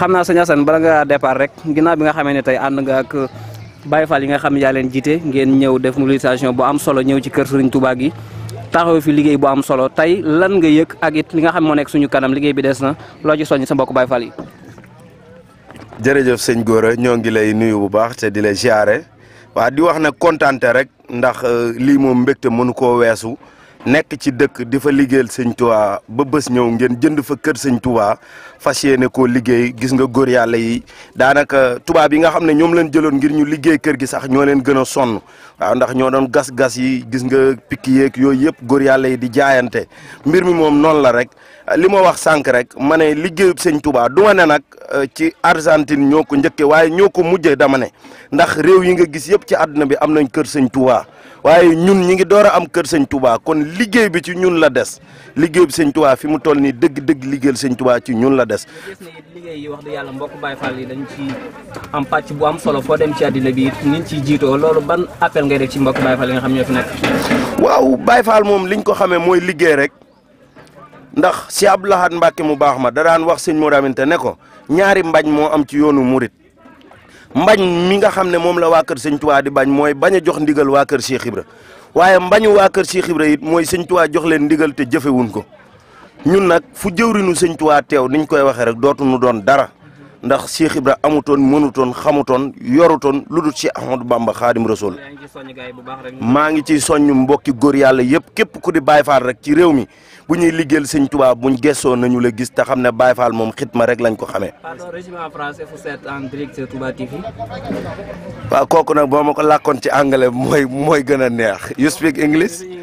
xam naa sëñ Assane bala nga depart rek ginnaaw bi nga xamee ne tey ànd nga ak Baye Fall yi nga xam yaa leen jiite ngeen ñëw def mobilisation bu am solo ñëw ci kër Serigne Touba gi taxaw fi liggéey bu am solo tey lan nga yëg agit li nga xam moo nekk suñu kanam liggéey bi des na loo ci sa mbokk Baye Fall yi. jërëjëf sëñ Gora ñoo ngi lay nuyu bu baax te di la ziare waa di wax nag kontaante rek ndax euh, lii moom mbégte mënu koo weesu. nekk ci dëkk di fa liggéeyal sëñ Tuubaa ba bés ñëw ngeen jënd fa kër sëñ Tuubaa fas yéene ko liggéey gis nga góor yàlla yi daanaka tubaab yi nga xam ne ñoom leen jëloon ngir ñu liggéey kër gi sax ñoo leen gën a sonn waaw ndax ñoo doon gas-gas yi gis nga pikk yeeg yooyu yëpp góor yàlla yi di jaayante mbir mi moom noonu la rek li ma wax sànq rek ma ne liggéeyub sëñ tubaa du ma ne nag euh, ci Argentine ñoo ko njëkkee waaye ñoo ko mujjee dama ne ndax réew yi nga gis yëpp ci àdduna bi am nañ kër sëñ waaye ñun ñi ngi door a am kër sëñ tubaa kon liggéey bi ci ñun la des liggéey bi sëñ Touba fi mu toll nii dëgg-dëgg liggéeyal sëñ Touba ci ñun la des. liggéey yi wax dëgg yàlla mbokk Baye Fall yi dañ ci am pàcc bu am solo foo dem ci àddina bi niñ ciy jiitoo loolu ban appel ngay def ci mbokk Baye Fall yi nga xam ñoo fi nekk. waaw Baye moom liñ ko xamee mooy liggéey rek. ndax si ab Lahad Mbacke mu baax ma da daan wax sëñ Modou Aminta ne ko ñaari mbañ moo am ci yoonu murit mbañ mi nga xam ne moom la waa kër sëñ di bañ mooy bañ a jox ndigal waa kër Cheikh Ibra waaye mbañu waa kër Cheikh Ibra it mooy sëñ jox leen ndigal te jëfewuñ ko ñun nag fu jëwrinu sëñ Tuubaa teew niñ koy waxee rek dootuñu doon dara ndax Cheikh Ibra amutoon mënutoon xamutoon yorutoon lu dul Cheikh Ahmadou Bamba Xaadim Rasul maa ngi ciy soññ mbokki góor yàlla yëpp képp ku di Baay Faal rek ci réew mi bu ñuy liggéel sëñ tubaab buñ gëstoo nañu la gis te xam ne Baay Faal moom xitma rek lañ ko xamee. waaw kooku nag boo ma ko làkkoon ci anglais mooy mooy gën a neex you speak English